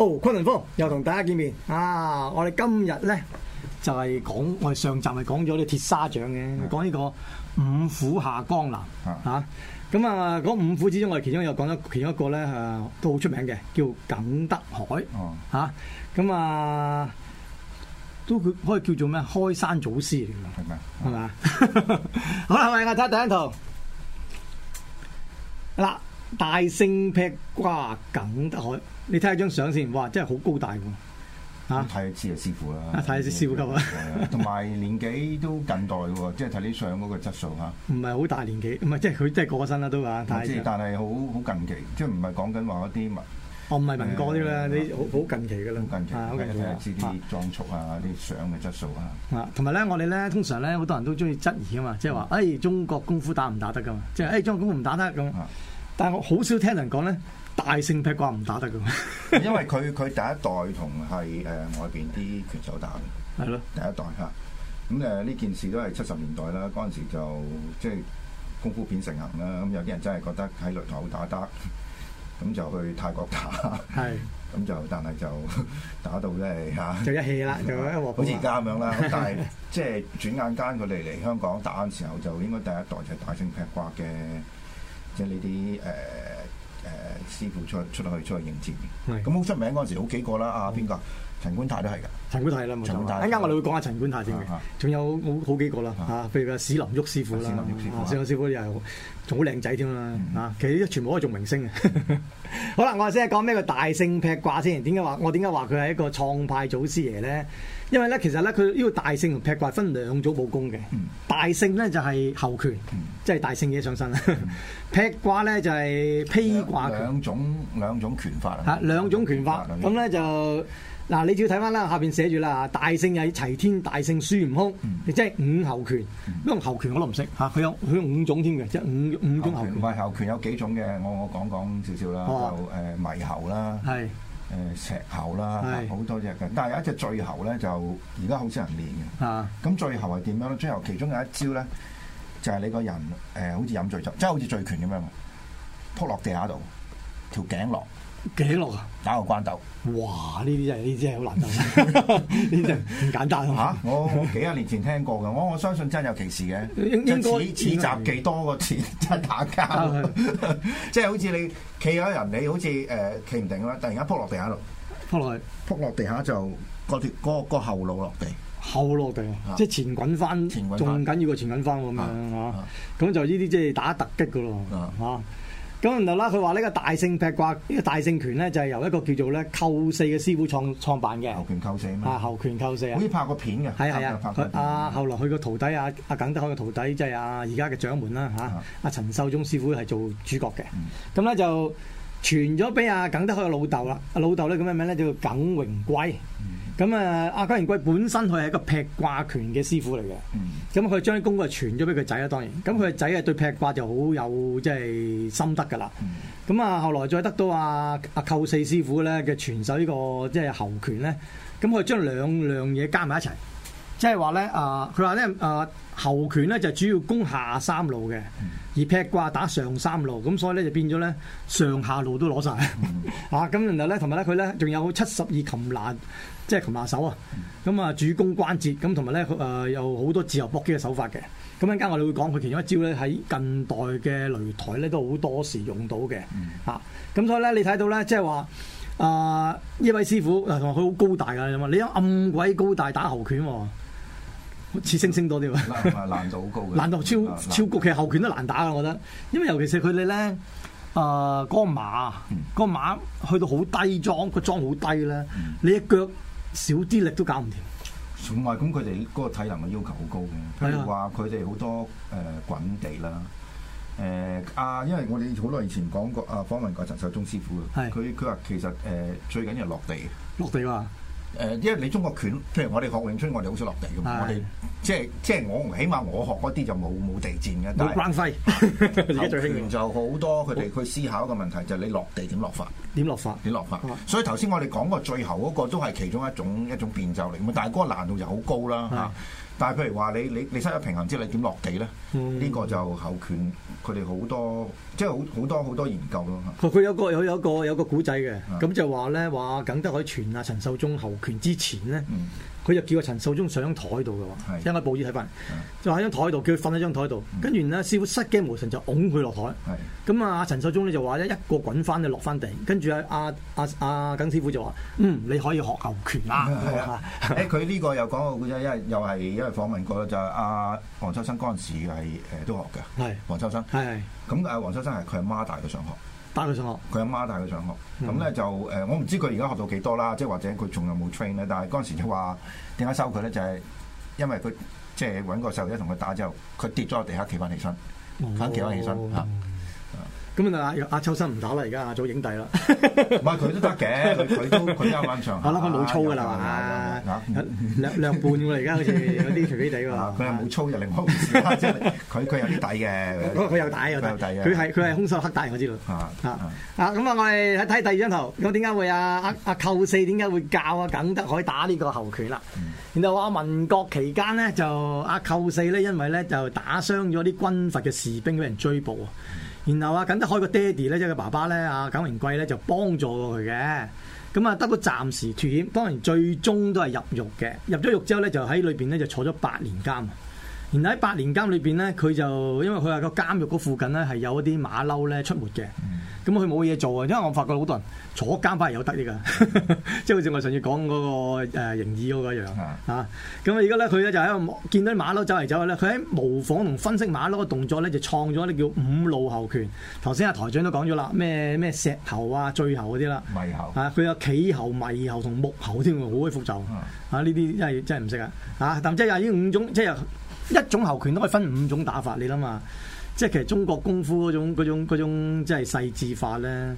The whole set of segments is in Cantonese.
哦，崑崙風又同大家見面啊！我哋今日咧就係講，我哋上集係講咗啲鐵砂掌嘅，講呢個五虎下江南啊！咁啊，嗰五虎之中，我哋其中有講咗其中一個咧，誒、啊，都好出名嘅，叫耿德海啊！咁、嗯、啊，都可以叫做咩？開山祖師嚟嘅，係咪嗎吧啊？ 好啦，我哋睇第一套嗱。大聖劈掛，耿德海，你睇下張相先，哇，真係好高大喎！吓，睇一次師師傅啦，睇一次師傅啦，同埋年紀都近代嘅，即係睇啲相嗰個質素吓。唔係好大年紀，唔係即係佢真係過身啦都啊。即係但係好好近期，即係唔係講緊話嗰啲文，哦唔係文哥啲啦，你好好近期嘅啦，近期啊，睇下知啲裝束啊，啲相嘅質素啊。同埋咧，我哋咧通常咧，好多人都中意質疑啊嘛，即係話，哎，中國功夫打唔打得噶嘛？即係，哎，中國功夫唔打得咁。但係我好少聽人講咧，大聖劈掛唔打得㗎 因為佢佢第一代同係誒外邊啲拳手打嘅，係咯 第一代嚇，咁誒呢件事都係七十年代啦，嗰陣時就即係、就是、功夫片盛行啦，咁有啲人真係覺得喺擂台好打得，咁就去泰國打，係，咁就但係就打到咧、就、嚇，就一氣啦，就好似而家咁樣啦，但係即係轉眼間佢哋嚟香港打嘅時候，就應該第一代就係大聖劈掛嘅。即係呢啲誒誒師傅出出去出去應戰嘅，咁好的出名，嗰陣時好幾個啦，啊邊個？陳觀泰都係噶，陳觀泰啦，冇錯，陣間我哋會講下陳觀泰先，仲有好好幾個啦，啊，譬如個史林旭師傅啦，史林旭師傅又係好，仲好靚仔添啦，啊，其實全部都係做明星嘅。好啦，我哋先講咩個大聖劈掛先，點解話我點解話佢係一個創派祖師爺咧？因為咧，其實咧，佢呢個大聖同劈掛分兩組武功嘅，大聖咧就係猴拳，即係大聖爺上身，劈掛咧就係披掛。兩種兩種拳法啊？吓，兩種拳法，咁咧就。嗱、啊，你只要睇翻啦，下邊寫住啦，大聖係齊天大聖孫悟空，你、嗯、即係五猴拳。咁樣、嗯、猴拳我都唔識嚇，佢、啊、有佢五種添嘅，即係五五種猴拳。唔係猴，猴拳有幾種嘅，我我講講少少啦，哦、有誒、呃、迷猴啦，誒是、呃、石猴啦，好是多隻嘅。但係有一隻醉猴咧，就而家好少人練嘅。是啊，咁醉猴係點樣咧？醉猴其中有一招咧，就係、是、你個人誒，好似飲醉酒，即係好似醉拳咁樣，仆落地下度，條頸落。記錄啊！打個關斗，哇！呢啲真係呢啲係好難得，呢啲唔簡單啊！吓，我幾廿年前聽過嘅，我我相信真有其事嘅。因此，似集技多過似真打交，即係好似你企咗人哋，好似誒企唔定啦，突然間撲落地下度，撲落，撲落地下就個脫，個個後腦落地，後落地，即係前滾翻，前仲緊要過前滾翻咁樣啊！咁就呢啲即係打突擊噶咯，啊！咁然後啦，佢話呢個大聖劈掛，呢、這個大聖拳咧就係由一個叫做咧寇四嘅師傅創創辦嘅。侯拳寇四啊嘛。啊，猴拳寇四啊。好似拍個片嘅。係啊係啊。佢阿後來佢個徒弟啊，阿耿德海嘅徒弟即係啊，而家嘅掌門啦嚇。阿陳秀忠師傅係做主角嘅。咁咧、嗯、就傳咗俾阿耿德海嘅老豆啦。阿老豆咧咁樣名咧就叫耿榮貴。嗯咁啊，阿耿仁貴本身佢係一個劈掛拳嘅師傅嚟嘅，咁佢將啲功夫傳咗俾佢仔啦，當然，咁佢嘅仔啊對劈掛就好有即係、就是、心得㗎啦。咁、嗯、啊，嗯、後來再得到阿阿寇四師傅咧嘅傳授呢、這個即係、就是、猴拳咧，咁佢將兩樣嘢加埋一齊，即係話咧啊，佢話咧啊猴拳咧就主要攻下三路嘅，嗯、而劈掛打上三路，咁所以咧就變咗咧上下路都攞晒。啊、嗯，咁然後咧同埋咧佢咧仲有七十二擒拿。即係擒拿手啊！咁啊，主攻關節，咁同埋咧，誒有好多自由搏擊嘅手法嘅。咁陣間我哋會講，佢其中一招咧喺近代嘅擂台咧都好多時用到嘅。嚇、嗯，咁、啊、所以咧你睇到咧，即係話誒呢位師傅，同埋佢好高大㗎你陰暗鬼高大打猴拳喎，似、呃、星星多啲喎。難度好高嘅，難度超難度超過其實猴拳都難打嘅，我覺得。因為尤其是佢哋咧，誒、呃嗰個馬、嗰個馬去到好低樁，那個樁好低咧，你一腳。嗯少啲力都搞唔掂，同埋咁佢哋嗰個體能嘅要求好高嘅，譬如話佢哋好多誒、呃、滾地啦，誒、呃、啊！因為我哋好耐以前講過啊，訪問過陳秀忠師傅嘅，佢佢話其實誒、呃、最緊要落地，落地嘛、啊。誒，因為你中國拳，譬如我哋學詠春，我哋好少落地嘅。是的 我哋即係即係我，起碼我學嗰啲就冇冇地戰嘅。但係關西，拳就好多。佢哋 去思考一個問題，就係你落地點落法？點落法？點落法？ 所以頭先我哋講過最後嗰個都係其中一種一種變奏嚟，但係嗰個難度就好高啦嚇。是的 但係，譬如話你你你失咗平衡之後，你點落地咧？呢、嗯、個就侯權佢哋好多，即係好好多好多，多研究咯。哦，佢有個有有個有個古仔嘅，咁是的 就話咧話，耿德海傳啊，陳秀忠侯權之前咧。嗯佢就叫阿陳秀忠上台度嘅，因個報紙睇翻，就喺張台度叫佢瞓喺張台度，跟住咧師傅失驚無神就㧬佢落台，咁啊阿陳秀忠咧就話咧一個滾翻就落翻地，跟住阿阿阿阿耿師傅就話，嗯，你可以學牛拳。誒，佢呢個又講個故事，因為又係因為訪問過就阿黃秋生嗰陣時係誒都學嘅，係黃秋生，係咁但啊黃秋生係佢阿媽帶佢上學。帶佢上學，佢阿媽帶佢上學。咁咧就誒，我唔知佢而家學到幾多啦，即係或者佢仲有冇 train 咧，但係嗰陣時就話點解收佢咧，就係、是、因為佢即係搵個細路仔同佢打之後，佢跌咗落地下，企翻起身，肯企翻起身吓。啊咁 啊，阿阿秋生唔打啦，而家阿祖影帝啦，唔係佢都得嘅，佢都。佢有漫長。啊，攞個老粗噶啦，兩略半喎，而家好似有啲肥肥哋喎。佢係冇粗入令我唔知啦。佢佢、啊、有啲、 啊、底嘅。佢有底，有底。佢係佢係空手黑帶，我知道。啊咁啊，啊啊我哋喺睇第二張圖，咁點解會阿阿阿寇四點解會教啊耿、啊啊啊、德海打呢個猴拳啦、啊？然後話民國期間呢，就阿、啊、寇四呢，因為咧就打傷咗啲軍閥嘅士兵，俾人追捕啊。然後啊，耿德海個爹哋咧，即係佢爸爸咧，啊，耿榮貴咧就幫助過佢嘅，咁啊，得到暫時脫險，當然最終都係入獄嘅，入咗獄之後咧，就喺裏邊咧就坐咗八年監。原來喺八年監裏邊咧，佢就因為佢話個監獄嗰附近咧，係有一啲馬騮咧出沒嘅。咁佢冇嘢做啊，因為我發覺好多人坐監反而有得益噶，即係好似我上次講嗰、那個誒營業嗰個樣咁、嗯、啊，而家咧佢咧就喺度見到啲馬騮走嚟走去咧，佢喺模仿同分析馬騮嘅動作咧，就創咗啲叫五路猴拳。頭先阿台長都講咗啦，咩咩石猴啊、醉猴嗰啲啦，啊，佢有企猴、迷猴同木猴添好鬼複雜啊！呢啲真係真係唔識啊！啊，但即係有呢五種、啊嗯嗯啊就是啊、即係。一種猴拳都可以分五種打法，你諗下，即係其實中國功夫嗰種嗰種即係細緻化咧，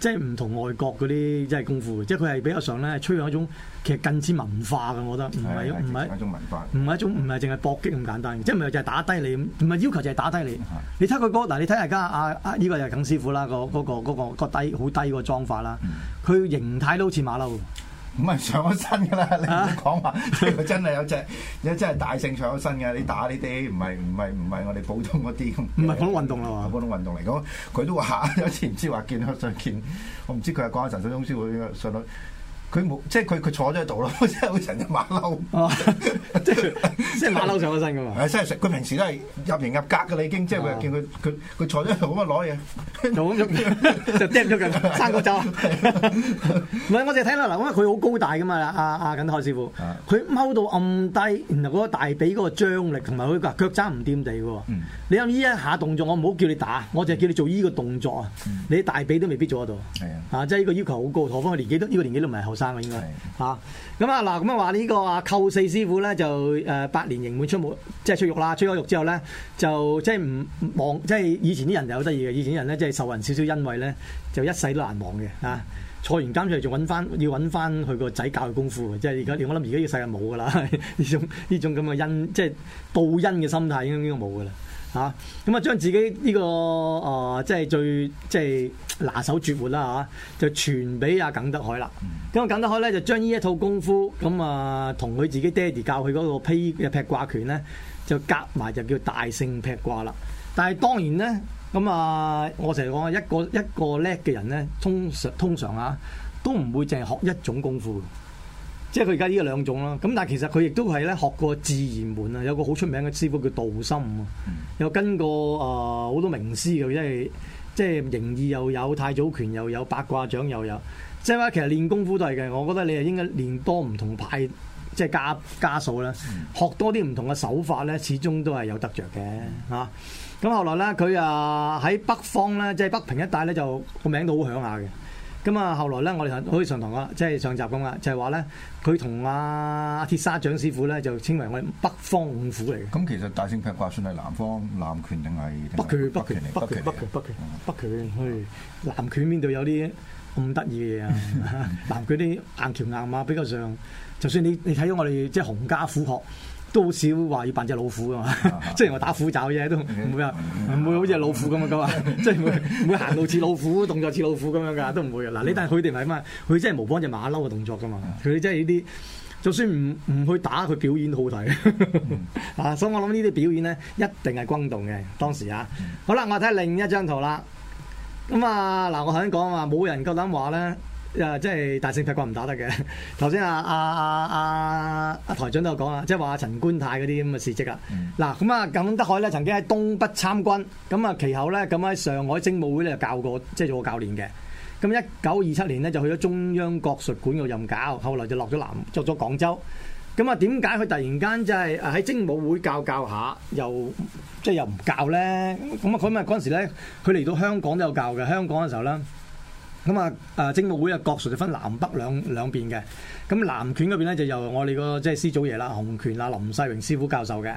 即係唔同外國嗰啲即係功夫即係佢係比較上咧，係吹響一種其實近似文化嘅，我覺得唔係唔係一種唔係淨係搏擊咁簡單，即係唔係就係打低你，唔係要求就係打低你。你睇佢嗰嗱，你睇下而家阿阿呢個就係耿師傅啦，嗰嗰個嗰個個低好低個裝法啦，佢形態都好似馬騮。唔係上咗身㗎啦！你唔好講話佢真係有隻，而家真係大聖上咗身嘅，你打呢啲唔係唔係唔係我哋普通嗰啲咁。唔係普通運動係嘛？普通運動嚟講，佢都話下，有次唔知話見上見，我唔知佢係講神水中司會上到。佢冇，即係佢佢坐咗喺度咯，即係好似成隻馬騮，即係即係馬騮上咗身㗎嘛？佢 平時都係入型入格㗎啦，已經即係見佢佢佢坐咗喺度，咁樣攞嘢，就咁掟唔喐三個肘。唔係，我哋睇到嗱，因為佢好高大㗎嘛，阿阿耿海師傅，佢踎到暗低，然後嗰個大髀嗰個張力同埋佢腳踭唔掂地喎。嗯、你諗呢一下動作，我唔好叫你打，我就叫你做呢個動作啊。嗯、你大髀都未必做得到。係的啊，即係呢個要求好高，何況佢年紀都呢個年紀都唔係後生嘅應該嚇，咁啊嗱，咁啊話呢個啊扣四師傅咧就誒、呃、八年刑滿出門，即係出獄啦，出咗獄之後咧就即係唔忘，即係以前啲人就好得意嘅，以前啲人咧即係受人少少恩惠咧，就一世都難忘嘅啊！坐完監出嚟仲揾翻，要揾翻佢個仔教佢功夫嘅，即係而家我諗而家呢個世界冇噶啦，呢 種呢種咁嘅恩，即係報恩嘅心態應該冇噶啦。嚇，咁啊！將自己呢、這個誒、呃，即係最即係拿手絕活啦、啊、嚇，就傳俾阿耿德海啦。咁阿、嗯、耿德海咧就將呢一套功夫咁啊，同佢自己爹哋教佢嗰個劈劈掛拳咧，就夾埋就叫大聖劈掛啦。但係當然咧，咁啊，我成日講一個一個叻嘅人咧，通常通常啊，都唔會淨係學一種功夫。即係佢而家呢個兩種啦，咁但係其實佢亦都係咧學過自然門啊，有個好出名嘅師傅叫杜心，又跟過啊好多名師嘅，即係即係形意又有太祖拳又有八卦掌又有，即係話其實練功夫都係嘅，我覺得你係應該練多唔同派，即係加加數啦，學多啲唔同嘅手法咧，始終都係有得着嘅嚇。咁、啊、後來咧，佢啊喺北方咧，即係北平一帶咧，就個名都好響下嘅。咁啊，後來咧，我哋可以上堂啊，即係上集咁啊，就係話咧，佢同阿阿鐵砂掌師傅咧，就稱為我哋北方五虎嚟嘅。咁其實大聖劈掛算係南方南拳定係北拳？北拳北拳，北拳，北拳，北拳。北南拳邊度有啲咁得意嘅嘢啊？南拳啲硬橋硬馬比較上，就算你你睇咗我哋即係洪家虎學。都好少話要扮隻老虎噶嘛，即係我打虎爪嘅嘢都唔會啊，唔 會好似老虎咁啊咁啊，即係唔會唔會行路似老虎，動作似老虎咁樣噶，都唔會啊。嗱，你但係佢哋咪嘛，佢真係模仿隻馬騮嘅動作噶嘛，佢真係呢啲，就算唔唔去打佢表演都好睇。啊，所以我諗呢啲表演咧一定係轟動嘅當時啊。好啦，我睇另一張圖啦。咁啊嗱，我頭先講話冇人夠膽話咧。誒、 啊啊啊啊，即係大聖劈掛唔打得嘅。頭先啊啊啊啊啊台長都有講啊，即係話陳觀泰嗰啲咁嘅事蹟啊。嗱，咁啊，耿德海咧曾經喺東北參軍，咁啊其後咧咁喺上海精武會咧就教過，即係做過教練嘅。咁一九二七年呢，就去咗中央國術館度任教，後來就落咗南，作咗廣州。咁啊，點解佢突然間即係喺精武會教教下，又即係又唔教咧？咁啊，佢咁啊嗰陣時咧，佢嚟到香港都有教嘅，香港嘅時候咧。咁啊！啊，精武會啊，各處就分南北兩兩邊嘅。咁南拳嗰邊咧就由我哋個即係師祖爺啦，洪拳啦，林世榮師傅教授嘅。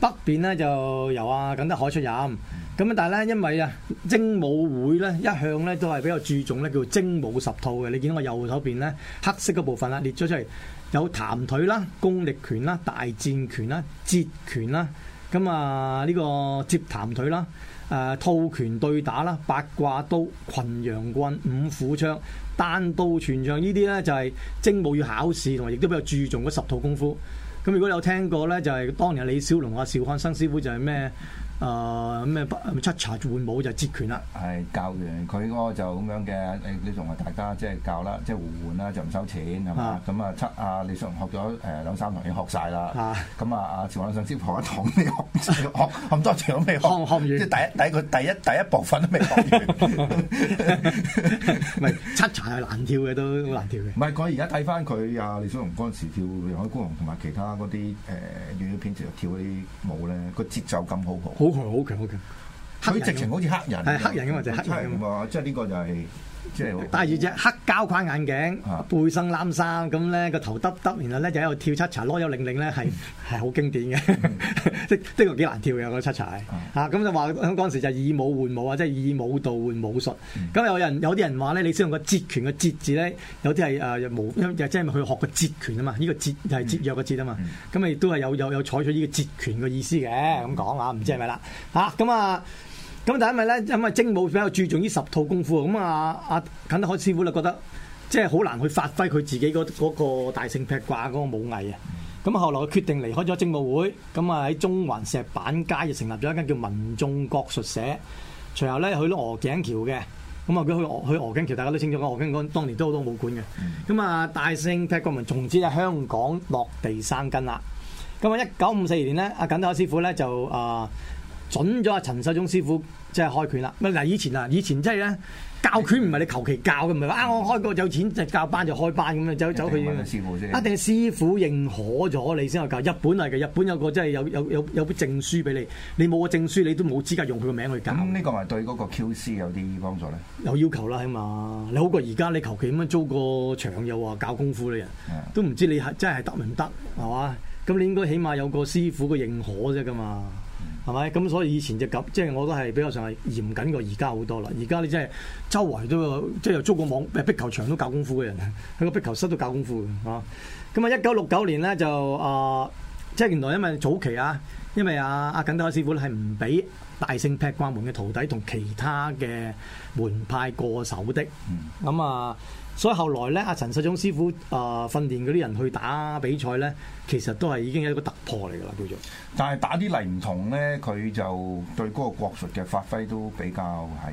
北邊咧就由阿耿德海出任。咁啊，但係咧，因為啊，精武會咧一向咧都係比較注重咧叫精武十套嘅。你見到我右手邊咧黑色嗰部分啦，列咗出嚟有譚腿啦、功力拳啦、大戰拳啦、截拳啦，咁啊呢個接譚腿啦。誒、啊、套拳對打啦，八卦刀、群羊棍、五虎槍、單刀串槍呢啲咧就係、是、精武要考試同埋，亦都比較注重嗰十套功夫。咁如果你有聽過咧，就係、是、當年李小龍阿邵漢生師傅就係咩？誒咩七茶換舞就截拳啦，係教完佢嗰個就咁樣嘅。你你同埋大家即係教啦，即係互換啦，就唔收錢係嘛？咁啊，七阿李小龍學咗誒兩三堂已經學晒啦。咁啊，阿趙漢生接多一堂啲學學咁多場都未學，即係第一第一個第一第一部分都未學。完。係七茶係難跳嘅，都難跳嘅。唔係講而家睇翻佢啊，李小龍嗰陣時跳《人海孤鴻》同埋其他嗰啲誒粵語片，直頭跳嗰啲舞咧，個節奏咁好，好。好強好強，佢直情好似黑人，黑人咁啊！就黑人，即係呢個就係、是。即係戴住隻黑膠框眼鏡，背身藍衫，咁咧個頭耷耷，然後咧就喺度跳恰恰，攞又擰擰咧，係係好經典嘅，即 即個幾難跳嘅嗰個恰恰。嚇咁就話響嗰陣時就以舞換武啊，即係以舞蹈換武術。咁、嗯、有人有啲人話咧，你先用個截拳嘅截字咧，有啲係誒冇，又即係去學節權個截拳啊嘛。呢個截係節約嘅節啊嘛。咁、嗯、亦都係有有有採取呢個截拳嘅意思嘅咁講啊，唔知係咪啦？嚇咁啊！啊啊咁但係因為咧，因為精武比較注重呢十套功夫，咁啊啊，耿德海師傅就覺得即係好難去發揮佢自己嗰個大聖劈掛嗰、嗰個武藝啊。咁後來佢決定離開咗精武會，咁啊喺中環石板街就成立咗一間叫民眾國術社。隨後咧去到鵝頸橋嘅，咁啊佢去鵝去鵝頸橋，大家都清楚嘅，鵝頸嗰當年都好多武館嘅。咁啊，大聖劈掛門從此喺香港落地生根啦。咁啊，一九五四年咧，阿耿德海師傅咧就啊。呃準咗阿陳世忠師傅即係開拳啦。咪嗱，以前嗱，以前真係咧教拳唔係你求其教嘅，唔係話啊我開個有錢就教班就開班咁樣走走去。一定係師傅先。一定係師傅認可咗你先有教。日本係嘅，日本有個真係有有有有本證書俾你。你冇個證書，你都冇資格用佢個名去教。咁呢個咪對嗰個 QC 有啲幫助咧？有要求啦，起碼你好過而家你求其咁樣租個場又話教功夫咧，Yeah. 都唔知你係真係得唔得，係嘛？咁你應該起碼有個師傅嘅認可啫㗎嘛？係咪？咁所以以前就咁，即係我都係比較上係嚴謹過而家好多啦。而家你真係周圍都有，即係有租個網，誒壁球場都教功夫嘅人，喺個壁球室都教功夫嘅哦。咁啊，一九六九年咧就誒，即係原來因為早期啊，因為阿阿耿德海師傅咧係唔俾大聖劈掛門嘅徒弟同其他嘅門派過手的。咁啊～所以後來咧，阿陳世忠師傅啊、呃、訓練嗰啲人去打比賽咧，其實都係已經一個突破嚟㗎啦，叫做。但係打啲泥唔同咧，佢就對嗰個國術嘅發揮都比較係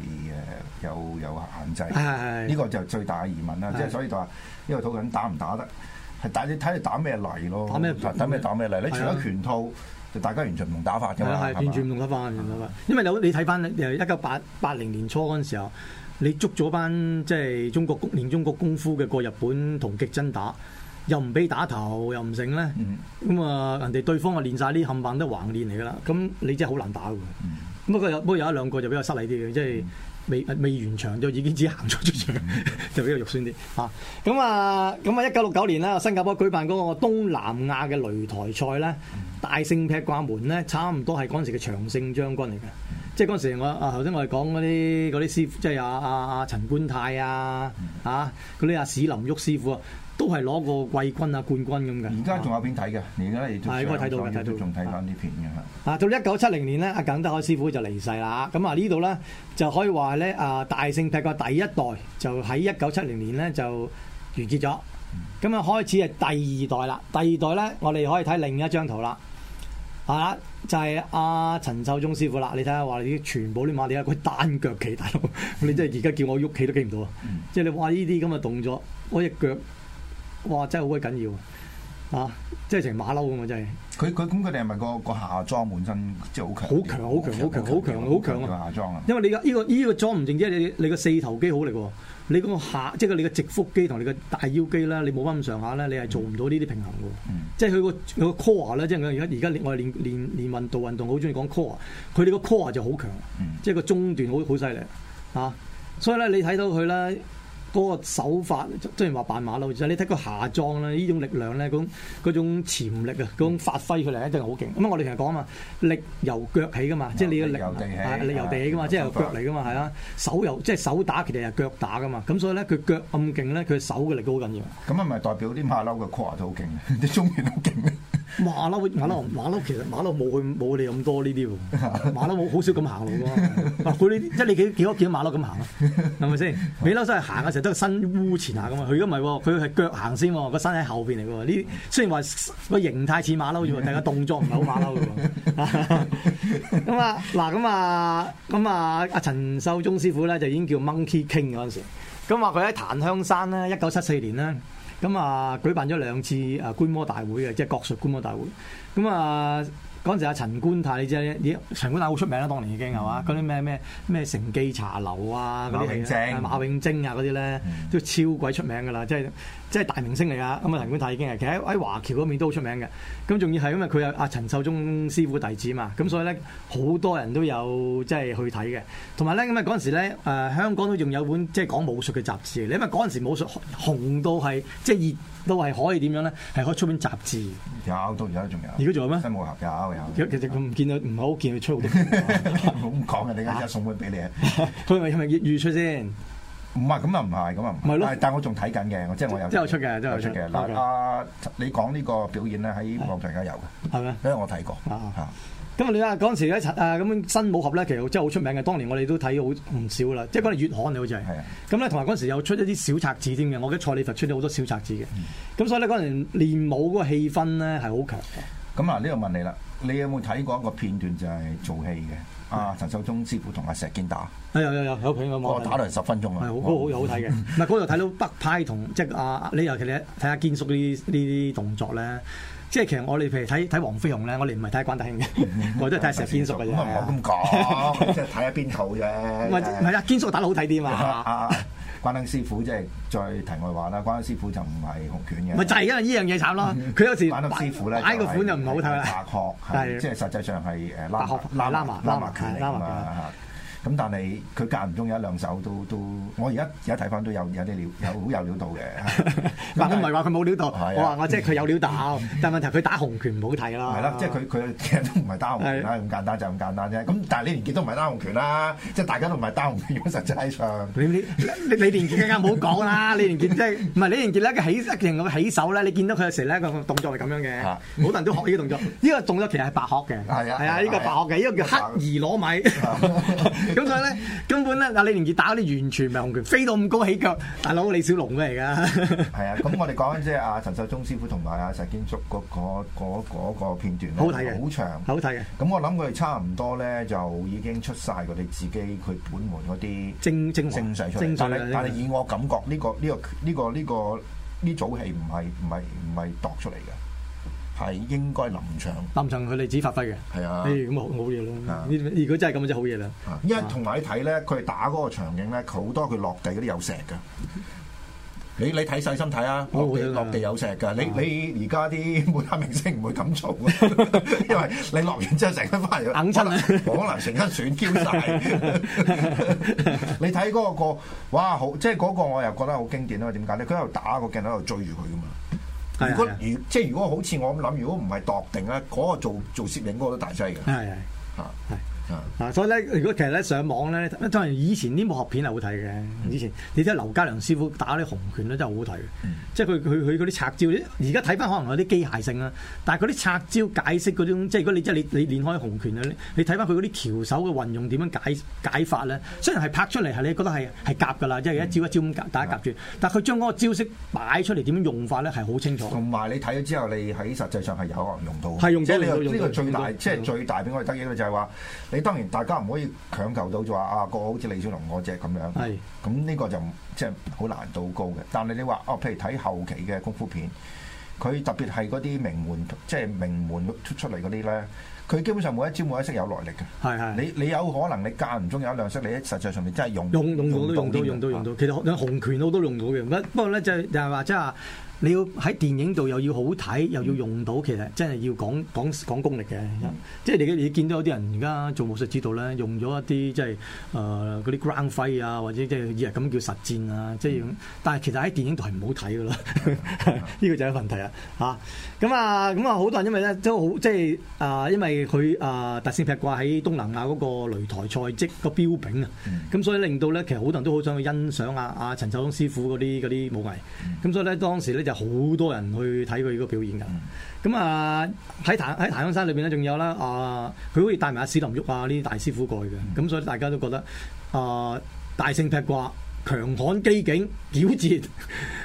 誒有有限制。係係。呢個就最大嘅疑問啦，即係是是 所以就話，呢個講緊打唔打得，係打你睇你打咩泥咯。打咩？打咩打咩泥是、啊、你除咗拳套，是啊、就大家完全唔同打法㗎嘛。吧完全唔同打法，因為有你睇翻一九八八零年初嗰陣時候。你捉咗班即係中國練中國功夫嘅過日本同極真打，又唔俾打頭，又唔成咧。咁啊，人哋對方啊練晒啲冚棒都橫練嚟噶啦。咁你真係好難打喎。不過有不過有一兩個就比較失禮啲嘅，即、就、係、是、未未完場就已經只行咗出場，嗯、 就比較肉酸啲嚇。咁、嗯、啊，咁啊，一九六九年啦，新加坡舉辦嗰個東南亞嘅擂台賽咧，嗯、大聖劈掛門咧，差唔多係嗰陣時嘅長勝將軍嚟嘅。即係嗰陣時，我，我啊頭先我哋講嗰啲嗰啲師傅，即係阿阿阿陳冠泰啊，嚇嗰啲阿史林旭師傅啊冠冠，哎、都係攞過季軍啊、冠軍咁嘅。而家仲有邊睇㗎？而家你到，係睇到仲睇緊啲片嘅。啊，到一九七零年咧，阿耿德海師傅就離世啦。咁啊，啊，呢度咧就可以話咧，啊大聖劈掛第一代就喺一九七零年咧就完結咗。咁啊，開始係第二代啦。第二代咧，我哋可以睇另一張圖啦。係啦、啊，就係、是、阿、啊、陳秀忠師傅啦，你睇下話啲全部你馬你阿佢單腳企，大佬、嗯、 你真係而家叫我喐企都企唔到啊！即係你話呢啲咁嘅動作，我隻腳，哇真係好鬼緊要啊！即係成馬騮咁啊！真係佢佢咁佢哋係咪個、個下裝滿身即係好強,強？好強好強好強好強好強啊！下裝因為你依、呢個依、呢個裝唔淨止你你個四頭肌好力喎。你嗰個下即係你嘅直腹肌同你嘅大腰肌啦，你冇翻咁上下咧，你係做唔到呢啲平衡嘅。嗯、即係佢個佢個 core 咧，即係我而家而家我哋練練練運動運動，好中意講 core，佢哋個 core 就好強，嗯、即係個中段好好犀利啊！所以咧，你睇到佢咧。嗰個手法即係話扮馬騮，就係你睇佢下樁咧，呢種力量咧，嗰嗰種潛力啊，嗰種發揮佢嚟咧，真係好勁。咁啊、嗯，我哋成日講啊嘛，力由腳起噶嘛，即係你要力由地啊，力由地起噶嘛，即係由腳嚟噶嘛，係啊，手由即係手打，其實係腳打噶嘛。咁所以咧，佢腳咁勁咧，佢手嘅力都好緊要。咁啊、嗯，咪、嗯、 代表啲馬騮嘅胯都好勁，啲中遠都勁。馬騮、馬騮、馬騮，其實馬騮冇佢冇你咁多呢啲喎，馬騮冇好少咁行路嘅。佢呢，即係你幾幾多幾多馬騮咁行啊？係咪先？你睇吓馬騮真係行嘅時候都身污前下嘅嘛。佢唔係喎，佢係腳行先，個身喺後邊嚟嘅。呢雖然話個形態似馬騮，但係個動作唔係好馬騮嘅。咁啊嗱，咁啊咁啊，阿陳秀忠師傅咧就已經叫 monkey king 嗰陣時。咁話佢喺檀香山咧，一九七四年咧。咁啊、嗯，舉辦咗兩次啊觀摩大會嘅，即係國術觀摩大會咁啊。嗯嗯嗰陣時阿陳觀泰啫，依陳觀泰好出名啦，當年已經係嘛？嗰啲咩咩咩成記茶樓啊，啲馬永貞、馬永貞啊嗰啲咧，都超鬼出名噶啦！即係即係大明星嚟啊！咁啊，陳觀泰已經係其實喺華僑嗰邊都好出名嘅。咁仲要係因為佢有阿陳秀忠師傅弟子嘛，咁所以咧好多人都有即係去睇嘅。同埋咧咁啊嗰陣時咧，誒香港都仲有本即係講武術嘅雜誌，你因為嗰陣時武術紅到係即係熱到係可以點樣咧？係可以出本雜誌？有到而家都仲有。而家仲有咩？新武俠。其實佢唔見到唔好，見到粗魯。唔好講嘅，你家送乜俾你啊？佢咪係咪粵語出先？唔係，咁又唔係，咁又唔係。但我仲睇緊嘅，即係我有。之後出嘅，之後出嘅。嗱，你講呢個表演咧，喺網上而家有嘅，係咩？因為我睇過啊。咁你話嗰陣時咧，咁新武俠咧，其實真係好出名嘅。當年我哋都睇好唔少啦。即係嗰陣月刊就好似係。咁咧，同埋嗰陣時又出一啲小冊子添嘅。我記得蔡李佛出咗好多小冊子嘅。咁所以咧，嗰陣練武嗰個氣氛咧係好強嘅。咁啊，呢度問你啦，你有冇睇過一個片段就係做戲嘅啊？陳秀忠師傅同阿石堅打，有有有有片我，打到十分鐘啊，係好好有好睇嘅。嗱，嗰度睇到北派同即係啊，你尤其你睇下堅叔呢呢啲動作咧，即係其實我哋譬如睇睇黃飛鴻咧，我哋唔係睇關德興嘅，我都係睇下石堅叔嘅啫。唔好咁講，即係睇下邊套啫。唔係啊，堅叔打得好睇啲嘛。關燈師傅，即係再題外話啦，關燈師傅就唔係紅犬嘅。咪就係因為呢樣嘢慘咯，佢有時關燈師傅咧，挨個款就唔好睇啦。 白鶴係是即係實際上係誒喇嘛咁但係佢間唔中有一兩手都都，我而家而家睇返都有有啲料，有好有料到嘅。嗱 是，都唔係話佢冇料到， 我話我即係佢有料到， 但係問題佢打紅拳唔好睇啦。係啦， 即係佢佢其實都唔係打紅拳啦，咁 簡單就咁簡單啫。咁但係李連杰都唔係打紅拳啦，即係大家都唔係打紅拳，實際上。 你李連杰更加唔好講啦，李 連杰即係唔係李連杰咧？佢起一型咁起手咧，你見到佢有時候咧，個動作係咁樣嘅。好 多人都學呢個動作，呢、呢個動作其實係白學嘅。係啊，係啊，呢個白學嘅，呢個叫乞兒攞米。 咁所以咧，根本咧，嗱，李連杰打你完全唔係洪拳，飛到咁高起腳，大佬李小龍嘅嚟噶。係啊，咁我哋講緊即係阿陳秀宗師傅同埋阿石堅竹嗰嗰嗰嗰個片段咯，好睇嘅，好長，好睇嘅。咁我諗佢哋差唔多咧，就已經出曬佢哋自己佢本門嗰啲精精精髓出嚟。但係但係以我感覺呢個呢個呢個呢個呢組戲唔係唔係唔係度出嚟嘅。係應該臨場，臨場佢哋自己發揮嘅。係啊，咁好，冇嘢咯。如果真係咁，就好嘢啦。因為同埋你睇咧，佢打嗰個場景咧，好多佢落地嗰啲有石嘅。你你睇細心睇啊，落地有石嘅。你你而家啲無賴明星唔會咁做。因為你落完之後成身翻嚟，可能可能成身損嬌晒！你睇嗰個個，哇！好，即係嗰個我又覺得好經典啊。點解咧？佢喺度打個鏡，喺度追住佢噶嘛。如果如即係如果好似我咁諗，如果唔係度定咧，嗰個做做攝影嗰個都大劑㗎。係係嚇。啊！所以咧，如果其實咧上網咧，當然以前呢部俠片係好睇嘅。以前你睇劉家良師傅打啲洪拳咧，真係好睇。即係佢佢佢嗰啲拆招，而家睇翻可能有啲機械性啦。但係嗰啲拆招解釋嗰種，即係如果你即係你你練開洪拳咧，你睇翻佢嗰啲橋手嘅運用點樣解解法咧，雖然係拍出嚟係你覺得係係夾㗎啦，即係一招一招咁夾打夾住，但係佢將嗰個招式擺出嚟點樣用法咧係好清楚。同埋你睇咗之後，你喺實際上係有可能用到。係用到。即係呢個最大，即係最大俾我得益就係話。你當然大家唔可以強求到就話啊個,個好似李小龍嗰隻咁樣，咁呢是個就即係好難度高嘅。但係你話啊、哦，譬如睇後期嘅功夫片，佢特別係嗰啲名門，即、就、係、是、名門出出嚟嗰啲咧，佢基本上每一招每一式有來歷嘅。係係是，你你有可能你間唔中有兩式你實際上面真係用用到用到用到用到，其實紅拳我都用到嘅。不過咧就是、就係話即係。你要喺電影度又要好睇，又要用到，其實真係要講講講功力嘅。即係你嘅見到有啲人而家做武術指導咧，用咗一啲即係誒嗰啲 ground fight 啊，或者即係以係咁叫實戰啊，即係咁。但係其實喺電影度係唔好睇噶啦，呢個就係問題啦。嚇咁啊咁啊，好多人因為咧都好即係啊，因為佢啊大聖劈掛喺東南亞嗰個擂台賽即個標炳啊，咁所以令到咧其實好多人都好想去欣賞啊啊陳秀東師傅嗰啲嗰啲武藝。咁所以咧當時咧。就好多人去睇佢呢個表演噶，咁啊喺檀喺檀香山裏邊咧，仲有啦啊，佢好似帶埋阿史林旭啊呢啲大師傅過去嘅，咁、嗯啊、所以大家都覺得啊，大聖劈掛、強悍機警、矯捷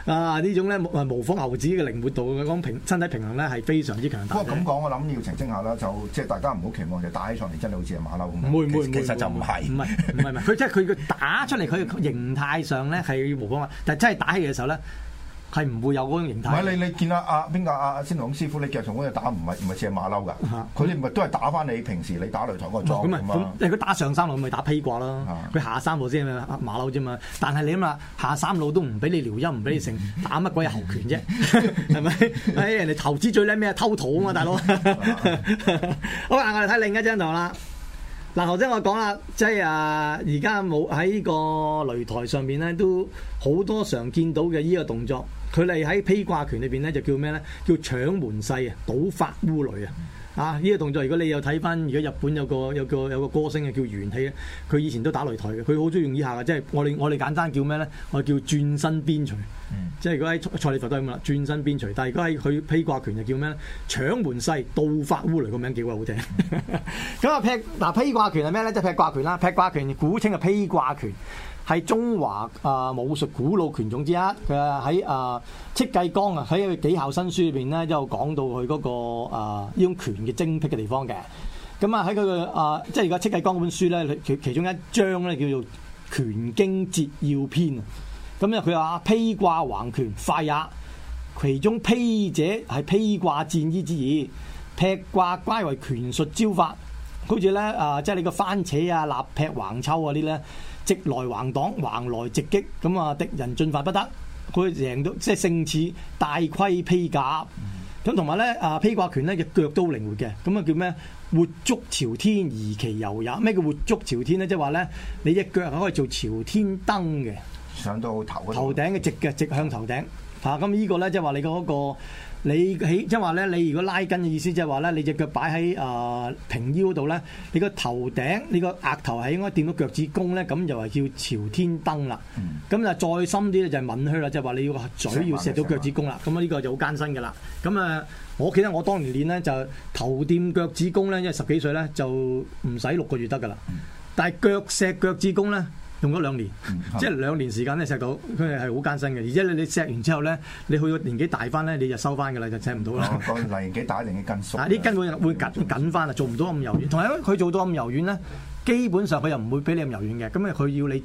啊種呢種咧，模仿猴子嘅靈活度，講平身體平衡咧係非常之強大。不過咁講，我諗要澄清下啦，就即係大家唔好期望就打起上嚟，真係好似係馬騮咁。唔會唔會，其實就唔係唔係唔係，佢即係佢嘅打出嚟，佢嘅形態上咧係要模仿啊，但係真係打起嘅時候咧。係唔會有嗰種形態。唔係你你見啊啊邊個阿啊先龍師傅，你夾從嗰度打唔係唔係似馬騮㗎？佢哋唔係都係打翻你平時你打擂台嗰個狀咁啊！即係佢打上三路咪打劈掛啦，佢的下三路先馬騮啫嘛。但係你諗下，下三路都唔俾你撩陰，唔俾你成打乜鬼猴拳啫，係咪？誒人哋投資最叻咩？偷土啊嘛，大佬。好啦，我哋睇另一張圖啦。嗱，頭先我講啦，即係啊，而家冇喺呢個擂台上面咧，都好多常見到嘅依個動作，佢哋喺披掛拳裏邊咧就叫咩咧？叫搶門勢啊，倒發烏雷啊！啊！呢、這個動作，如果你有睇翻，如果日本有個有個有個，有個歌星啊，叫元氣啊，佢以前都打擂台嘅，佢好中意用以下嘅，即係我哋我哋簡單叫咩咧？我哋叫轉身鞭捶，嗯、即係如果喺蔡李佛都咁啦，轉身鞭捶。但係如果喺佢披掛拳就叫咩咧？搶門勢倒發烏雷，個名幾鬼好聽。咁啊劈嗱，披掛拳係咩咧？即係劈掛拳啦，劈掛拳古稱啊披掛拳。係中華啊、呃、武術古老拳種之一，佢喺啊戚繼光啊喺佢《紀效新書面》裏邊咧，都有講到佢嗰、嗰個啊呢種拳嘅精闢嘅地方嘅。咁啊喺佢啊即係而家戚繼光嗰本書咧，佢其中一章咧叫做《拳經捷要篇》。咁咧佢話披掛橫拳快也，其中披者係披掛戰衣之義，劈掛歸為拳術招法，好似咧啊即係你個翻扯啊、立劈橫抽嗰啲咧。直來橫擋，橫來直擊，咁啊，敵人進犯不得，佢贏到即係勝似大盔披甲。咁同埋咧，啊披掛拳咧隻腳都靈活嘅，咁啊叫咩？活足朝天而其由也。咩叫活足朝天咧？即係話咧，你一腳啊可以做朝天蹬嘅，上到頭。頭頂嘅直腳，直向頭頂。啊，咁呢個咧即係話你嘅、嗰個。你起即係話咧，就是、你如果拉筋嘅意思、呃，即係話咧，你隻腳擺喺誒平腰度咧，你個頭頂，你個額頭係應該掂到腳趾公咧，咁就係叫朝天燈啦。咁就、嗯、再深啲咧就係抿靴啦，即係話你要個嘴要錫到腳趾公啦。咁啊、嗯，呢個就好艱辛嘅啦。咁啊，我記得我當年練咧就頭掂腳趾公咧，因為十幾歲咧就唔使六個月得噶啦，但係腳錫腳趾公咧。用咗兩年，嗯、即係兩年時間咧錫到，佢係係好艱辛嘅。而且咧，你錫完之後咧，你去個年紀大翻咧，你就收翻㗎啦，就錫唔到啦。年紀大定嘅筋縮，啊，啲根本會緊緊翻啦，重做唔到咁柔軟。同埋咧，佢做到咁柔軟咧，基本上佢又唔會俾你咁柔軟嘅。咁啊，佢要你。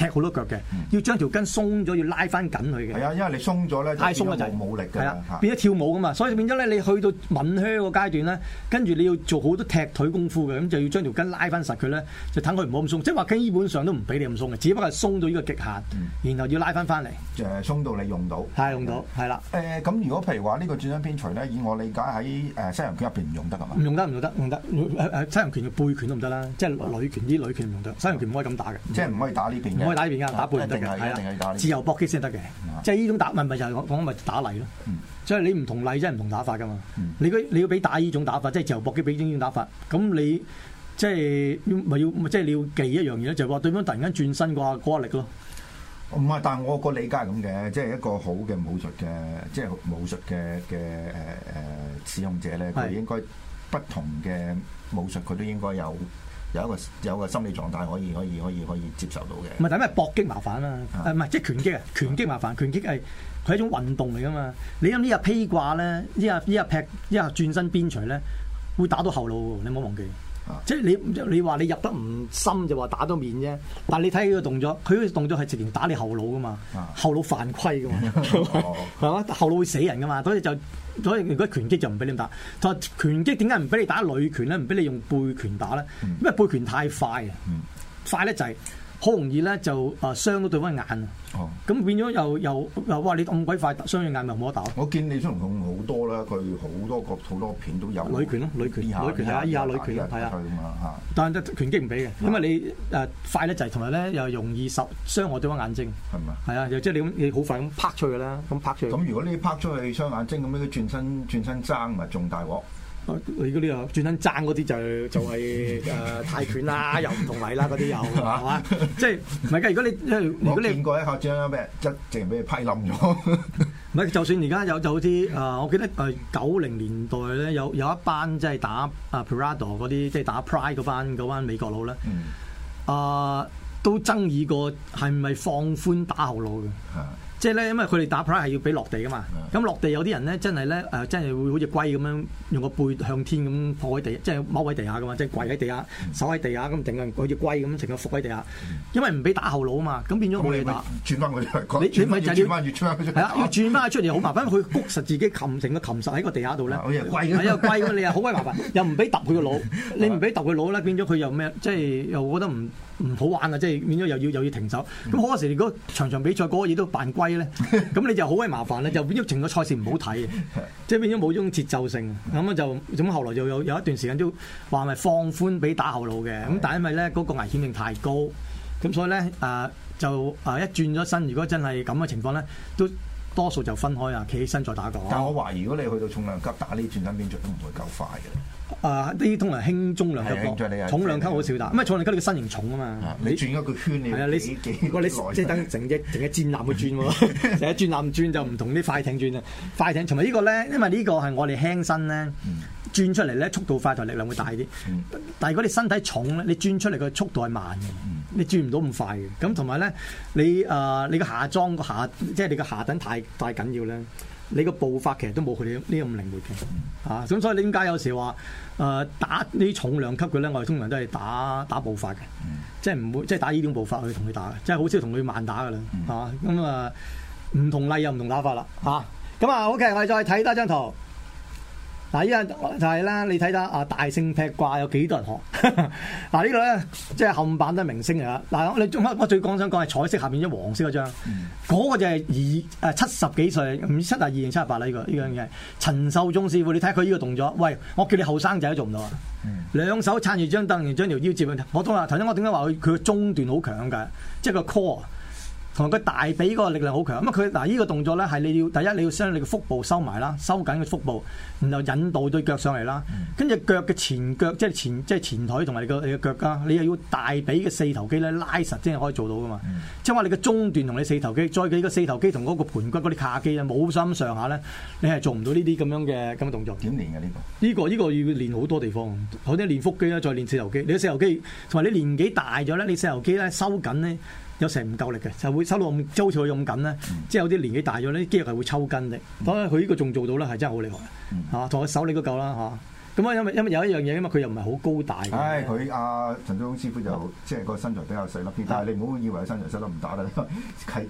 踢好多腳嘅，要將條筋鬆咗，要拉翻緊佢嘅。係啊，因為你鬆咗咧，太鬆咧就冇力嘅。係啊，變咗跳舞㗎嘛，所以變咗咧，你去到敏靴嗰階段咧，跟住你要做好多踢腿功夫嘅，咁就要將條筋拉翻實佢咧，就等佢唔好咁鬆。即係話基本上都唔俾你咁鬆嘅，只不過係鬆到呢個極限，嗯、然後要拉翻翻嚟，就係鬆到你用到。係用到，係啦。誒咁，如果譬如話呢個轉身編除咧，以我理解喺誒西洋拳入邊唔用得噶嘛？唔用得，唔用得，唔用得西洋拳嘅背拳都唔得啦，即係女拳啲女拳唔用得，西洋拳唔可以咁打嘅。即係唔可以打呢邊嘅。打邊間打背唔得㗎，係啦，的自由搏擊先得嘅，啊、即係呢種打咪咪就係講講咪打嚟咯。所以、嗯、你唔同嚟，即係唔同打法㗎嘛。你、嗯、你要俾打呢種打法，即係自由搏擊俾呢種打法，咁你即係咪要即係你要記一樣嘢咧，就係話對方突然間轉身嘅話，力咯。唔係，但係我個理解係咁嘅，即係一個好嘅武術嘅，即係武術嘅嘅誒誒使用者咧，佢應該不同嘅武術，佢都應該有。有一個有一個心理狀態可以可以可以可以接受到嘅。唔係，等咩搏擊麻煩啊？唔係、啊啊，即係、就是、拳擊啊！拳擊麻煩，拳擊係佢係一種運動嚟噶嘛。你諗呢日披掛咧，呢日呢日劈，呢、這、日、個、轉身鞭錘咧，會打到後腦嘅，你唔好忘記。即係、啊、你你話你入得唔深就話打到面啫，但係你睇佢個動作，佢嗰個動作係直情打你後腦噶嘛，後腦犯規噶嘛，係嘛？後腦會死人噶嘛，所以就。所以如果拳擊就唔俾你打，就拳擊。點解唔俾你打女拳咧？唔俾你用背拳打咧？因為背拳太快啊，快咧就係。好容易咧就啊、呃、傷到對方眼哦，咁變咗又又又哇！你咁鬼快傷人眼咪唔可打？我見你出嚟好多啦，佢好多個好多片都有。女拳咯，女拳，女拳係啊，以下，下女拳係啊。下呀但係拳擊唔俾嘅，是呀 因為你誒、呃、快得滯，同埋咧又容易受傷。我對方眼睛係咪啊？係啊嗎，又即係你你好快咁拍出去啦，咁拍出去。咁如果你拍出去傷眼睛，咁樣轉身轉身爭咪仲大鑊？你嗰啲又轉身爭嗰啲就是、就係、是、誒、呃、泰拳啦，又唔同位啦嗰啲又係嘛？ 吧即係唔係㗎？如果你 如果你我見過一客將咩一成俾你批冧咗。唔係， 就算而家有就好似誒，我記得誒九零年代咧有有一班即係打啊 Perado 嗰啲，即、就、係、是、打 Pride 嗰班嗰班美國佬咧。啊、嗯呃，都爭議過係唔係放寬打後腦嘅？嗯即係咧，因為佢哋打 prize 係要俾落地噶嘛，咁落地有啲人咧，真係咧誒，真係會好似龜咁樣，用個背向天咁放喺地，即係踎喺地下噶嘛，即係跪喺地下，手喺地下咁定啊，好似龜咁成個伏喺地下。因為唔俾打後腦啊嘛，咁變咗冇嘢打。轉翻我轉翻轉出嚟，係啊，轉翻出嚟好麻煩，佢谷實自己擒成個擒實喺個地下度咧，係啊，跪咁你又好鬼麻煩，又唔俾揼佢個腦，你唔俾揼佢腦咧，變咗佢又咩？即係又我覺得唔。唔好玩啊！即係變咗又要又要停手。咁嗰、嗯、時如果場場比賽嗰、嗰個嘢都犯規咧，咁你就好鬼麻煩啦。就變咗成個賽事唔好睇， 即係變咗冇種節奏性。咁啊就，咁後來就有有一段時間都話咪放寬俾打後路嘅。咁但係因為咧嗰、嗰個危險性太高，咁所以咧啊、呃、就啊一轉咗身，如果真係咁嘅情況咧，都。多數就分開啊，企起身再打過。但我懷疑如果你去到重量級打呢轉身邊都唔會夠快嘅。啊，呢啲通常輕中量級重量級好少打，因為重量級你個身形重啊嘛，你轉一個圈你。係啊，你如果你即係等成隻成隻戰艦去轉喎，成日轉艦轉就唔同啲快艇轉啦。快艇，同埋呢個咧，因為呢個係我哋輕身咧，轉出嚟咧速度快就力量會大啲。但係如果你身體重咧，你轉出嚟個速度係慢嘅。你轉唔到咁快嘅，咁同埋咧，你啊、呃，你個下裝個下，即係你個下蹲太太緊要咧。你個步法其實都冇佢哋呢咁靈活嘅。啊，咁所以你點解有時話誒、啊、打呢啲重量級嘅咧，我哋通常都係打打步法嘅，即係唔會即係打呢種步法去同佢打，即係好少同佢慢打噶啦，啊，咁啊，唔同例又唔同打法啦，嚇、啊，咁啊，OK，我哋再睇多張圖。嗱，依家就係啦，你睇下啊，大聖劈掛有幾多人學、 啊？嗱、這個，呢個咧即係後版都係明星嚟啊！嗱，你我最講想講係彩色下面一黃色嗰張，嗰、嗯、個就係二誒七十幾歲，唔知七廿二定七十八啦？呢、這個呢樣嘢，陳秀宗師傅，你睇佢呢個動作，喂，我叫你後生仔都做唔到啊！兩手撐住張凳，然之後條腰接佢，我都話頭先，我點解話佢佢嘅中段好強嘅？即係個 c a l l 同埋佢大髀嗰個力量好強，咁啊佢，嗱呢個動作咧，係你要第一你要將你個腹部收埋啦，收緊個腹部，然後引導對腳上嚟啦，跟住、嗯、腳嘅前腳即係前即係前腿同埋你個你個腳噶，你又要大髀嘅四頭肌咧拉實先係可以做到噶嘛。嗯、即係話你嘅中段同你四頭肌，再俾個四頭肌同嗰個盤骨嗰啲卡肌啊冇心上下咧，你係做唔到呢啲咁樣嘅咁嘅動作。點練嘅呢、呢個？呢個呢個要練好多地方，好啲練腹肌啦，再練四頭肌。你四頭肌同埋你年紀大咗咧，你四頭肌咧收緊呢。有成唔夠力嘅，就會手到咁周切咁緊咧。即係有啲年紀大咗呢，肌肉係會抽筋嘅。當然佢呢個仲做到咧，係真係好厲害嚇。同佢手你都夠啦嚇。咁啊，因為因為有一樣嘢啊嘛，佢又唔係好高大。佢阿陳宗師傅就即係個身材比較細粒，但係你唔好以為身材細粒唔打得，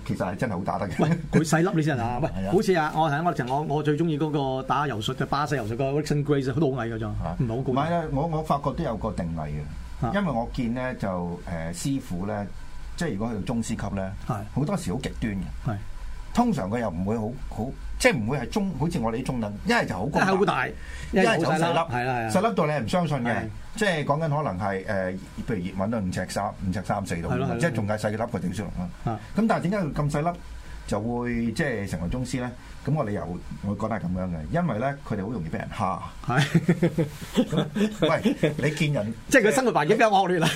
其實係真係好打得嘅。喂，佢細粒你先啊！喂，好似啊，我我我最中意嗰個打柔術嘅巴西柔術個 Wilson Grace 好矮嘅咋？唔好講。唔係啊，我我發覺都有個定位嘅，因為我見咧就誒師傅咧。即係如果去到宗師級咧，係好多時好極端嘅，係通常佢又唔會好好，即係唔會係中，好似我哋啲中等，一係就好高大，一係，一係就好細粒，係啦係細粒到你係唔相信嘅，即係講緊可能係誒，譬如葉問都五尺三、五尺三四度，即係仲係細嘅粒過李小龍啦，啊，咁但係點解佢咁細粒就會即係成為宗師咧？咁我哋又會，我講得係咁樣嘅，因為咧佢哋好容易俾人蝦。係， 咁喂，你見人，即係佢生活環境比較惡劣啊。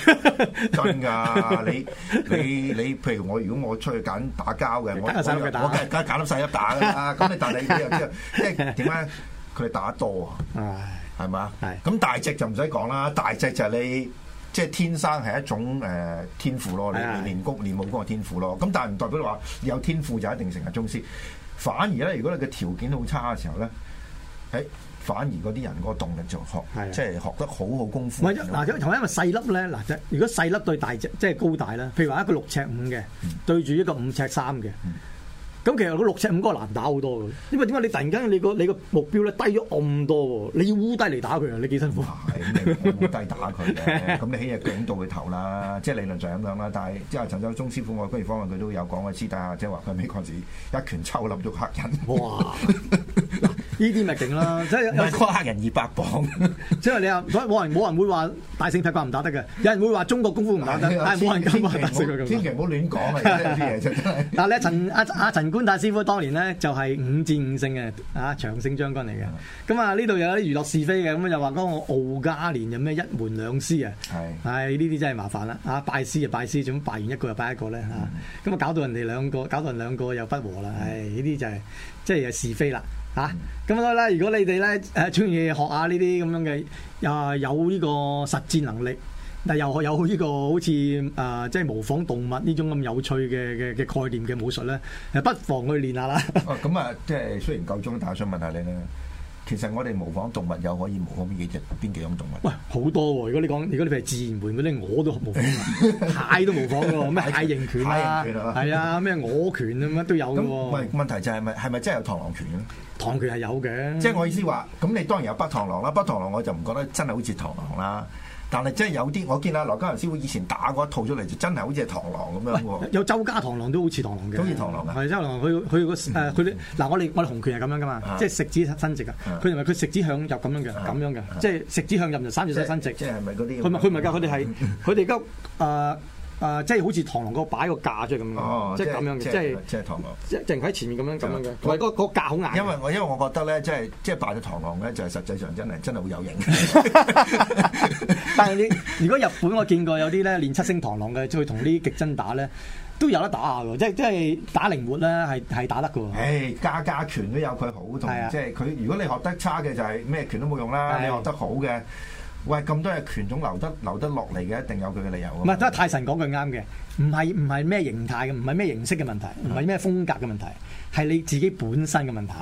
真㗎，你你你，譬如我如果我出去揀打交嘅，我我梗係揀揀粒細一打㗎啦。咁 你但係你又即係點咧？佢哋打得多啊，係咪啊？係。咁大隻就唔使講啦，大隻就係你。即係天生係一種誒、呃、天賦咯，你練功練武功嘅天賦咯。咁但係唔代表話有天賦就一定成日宗師，反而咧，如果你嘅條件好差嘅時候咧，誒、哎、反而嗰啲人個動力就學，是是即係學得好好功夫。嗱的，那因為細粒咧，嗱，如果細粒對大隻，即、就、係、是、高大咧，譬如話一個六尺五嘅、嗯、對住一個五尺三嘅。嗯嗯咁其實六尺五個難打好多嘅，因為點解你突然間你個你個目標咧低咗咁多喎，你要烏低嚟打佢啊！你幾辛苦？係烏低打佢嘅，咁 你起嘢頸到佢頭啦，即係理論上咁樣啦。但係即係陳州鐘師傅外觀方面佢都有講，我知，但係即係話佢美國時一拳抽冧咗黑人，哇！呢啲咪勁啦！即係唔係黑人二百磅 即？即係你話，所以冇人冇人會話大聖劈掛唔打得嘅，有人會話中國功夫唔打得，哎、呀但係冇人敢話萬。千祈唔好亂講係啲嘢真係。嗱，阿阿陳。啊啊陳潘大師傅當年咧就係五戰五勝嘅啊，長勝將軍嚟嘅。咁啊、嗯，呢度有啲娛樂是非嘅，咁又話講我敖家連有咩一門兩師啊？唉是，呢啲、哎、真係麻煩啦！啊，拜師就拜師，咁拜完一個又拜一個咧嚇，咁啊、嗯嗯、搞到人哋兩個搞到人兩個又不和啦。唉、哎，呢啲就係即係又是非啦。啊，咁所以咧，嗯嗯、如果你哋咧誒，中意學下呢啲咁樣嘅啊，有呢個實戰能力。但又有呢、這個好似誒、呃、即係模仿動物呢種咁有趣嘅嘅嘅概念嘅武術咧？誒，不妨去練下啦。咁啊，即、嗯、係 雖然夠鍾，但我想問下你咧，其實我哋模仿動物又可以模仿邊幾隻、邊幾種動物？喂、哎，好多喎、哦！如果你講，如果你係自然門嗰啲，我都模仿啊， 蟹都模仿嘅喎，咩蟹形拳啦，係啊，咩我拳啊，乜都有嘅喎。咁問題就係咪係咪真係有螳螂拳嘅？螳拳係 有嘅。即係我意思話，咁你當然有北螳螂啦，北螳螂我就唔覺得真係好似螳螂啦。但係真係有啲，我見阿羅嘉良師傅以前打嗰一套出嚟，就真係好似係螳螂咁樣、啊哎、有周家螳螂都好似螳螂嘅。好似螳螂啊！係周家螳螂，佢佢個誒佢啲嗱，我哋我哋洪拳係咁樣噶嘛，啊、即係食指伸直啊！佢認為佢食指向入咁樣嘅，咁、啊、樣嘅，啊、即係食指向入就三指都伸直。即係咪嗰啲？佢咪佢咪㗎？佢哋係佢哋今誒。 誒，即係好似螳螂個擺個架啫咁樣，即係咁樣嘅，即係即係螳螂，即係淨係喺前面咁樣咁樣嘅。同埋個架好硬。因為我因為我覺得咧，即係即係扮咗螳螂咧，就係實際上真係真係好有型。但係你如果日本我見過有啲咧練七星螳螂嘅，去同啲極真打咧，都有得打下喎。即係即係打靈活咧，係係打得㗎喎。誒，家家拳都有佢好同，即係佢如果你學得差嘅就係咩拳都冇用啦。你學得好嘅。喂，咁多嘢拳種留得留得落嚟嘅，一定有佢嘅理由。唔係不，都係泰神講句啱嘅，唔係唔係咩形態嘅，唔係咩形式嘅問題，唔係咩風格嘅問題，係你自己本身嘅問題。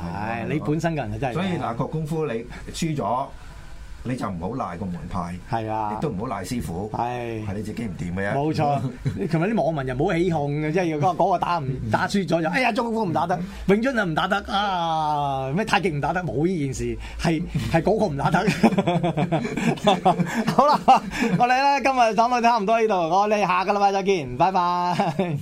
你本身嘅人真係。所以嗱，郭、嗯、功夫你輸咗。 你就唔好賴個門派，係是啊，亦都唔好賴師傅，係係是、啊、你自己唔掂嘅，冇錯，同埋啲網民又唔好起哄，嘅，即係如果嗰個打唔打輸咗就，哎呀，中國唔打得，永春就唔打得啊，咩太極唔打得，冇呢件事，係係嗰個唔打得。好啦，我哋咧今日講到差唔多呢度，我哋下個禮拜再見，拜拜。